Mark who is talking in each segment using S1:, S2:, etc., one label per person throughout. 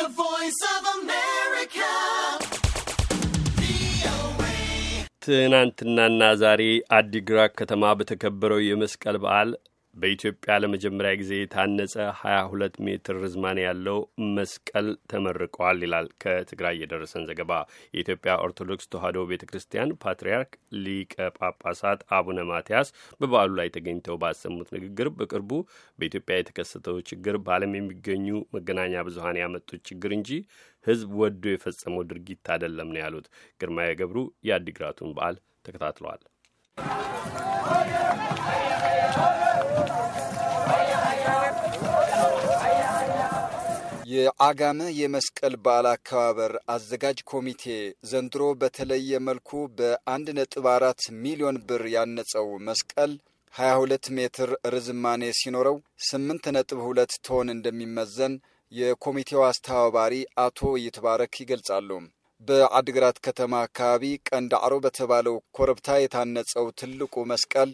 S1: The Voice of America.
S2: ትናንትናና ዛሬ አዲግራት ከተማ በተከበረው የመስቀል በዓል በኢትዮጵያ ለመጀመሪያ ጊዜ የታነጸ 22 ሜትር ርዝማን ያለው መስቀል ተመርቋል ይላል ከትግራይ የደረሰን ዘገባ። የኢትዮጵያ ኦርቶዶክስ ተዋሕዶ ቤተ ክርስቲያን ፓትርያርክ ሊቀ ጳጳሳት አቡነ ማትያስ በበዓሉ ላይ ተገኝተው ባሰሙት ንግግር በቅርቡ በኢትዮጵያ የተከሰተው ችግር በዓለም የሚገኙ መገናኛ ብዙኃን ያመጡት ችግር እንጂ ሕዝብ ወዶ የፈጸመው ድርጊት አይደለም ነው ያሉት። ግርማ ገብሩ የአዲግራቱን በዓል ተከታትለዋል። የአጋመ
S3: የመስቀል በዓል አከባበር አዘጋጅ ኮሚቴ ዘንድሮ በተለየ መልኩ በአንድ ነጥብ አራት ሚሊዮን ብር ያነጸው መስቀል 22 ሜትር ርዝማኔ ሲኖረው 8 ነጥብ 2 ቶን እንደሚመዘን የኮሚቴው አስተባባሪ አቶ ይትባረክ ይገልጻሉ። በአድግራት ከተማ አካባቢ ቀንዳዕሮ በተባለው ኮረብታ የታነጸው ትልቁ መስቀል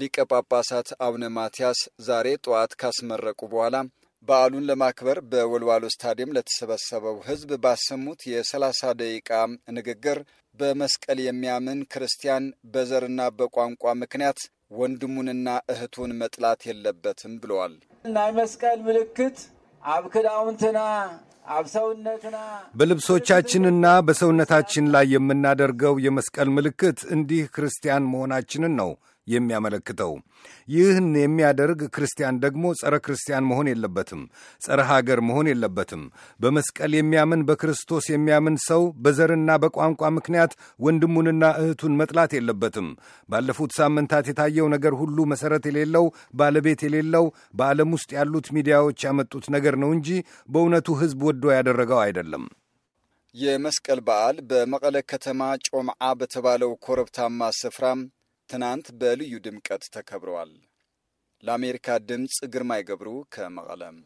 S3: ሊቀ ጳጳሳት አቡነ ማትያስ ዛሬ ጠዋት ካስመረቁ በኋላ በዓሉን ለማክበር በወልዋሎ ስታዲየም ለተሰበሰበው ሕዝብ ባሰሙት የሰላሳ ደቂቃ ንግግር በመስቀል የሚያምን ክርስቲያን በዘርና በቋንቋ ምክንያት ወንድሙንና እህቱን መጥላት የለበትም ብለዋል። ናይ መስቀል ምልክት አብ ክዳውንትና አብ ሰውነትና
S1: በልብሶቻችንና በሰውነታችን ላይ የምናደርገው የመስቀል ምልክት እንዲህ ክርስቲያን መሆናችንን ነው የሚያመለክተው። ይህን የሚያደርግ ክርስቲያን ደግሞ ጸረ ክርስቲያን መሆን የለበትም፣ ጸረ ሀገር መሆን የለበትም። በመስቀል የሚያምን በክርስቶስ የሚያምን ሰው በዘርና በቋንቋ ምክንያት ወንድሙንና እህቱን መጥላት የለበትም። ባለፉት ሳምንታት የታየው ነገር ሁሉ መሰረት የሌለው ባለቤት የሌለው በዓለም ውስጥ ያሉት ሚዲያዎች ያመጡት ነገር ነው እንጂ በእውነቱ ሕዝብ ወዶ ያደረገው አይደለም።
S3: የመስቀል በዓል በመቀለ ከተማ ጮምዓ በተባለው ኮረብታማ ስፍራ ትናንት በልዩ ድምቀት ተከብረዋል። ለአሜሪካ ድምፅ ግርማይ ገብሩ ከመቐለም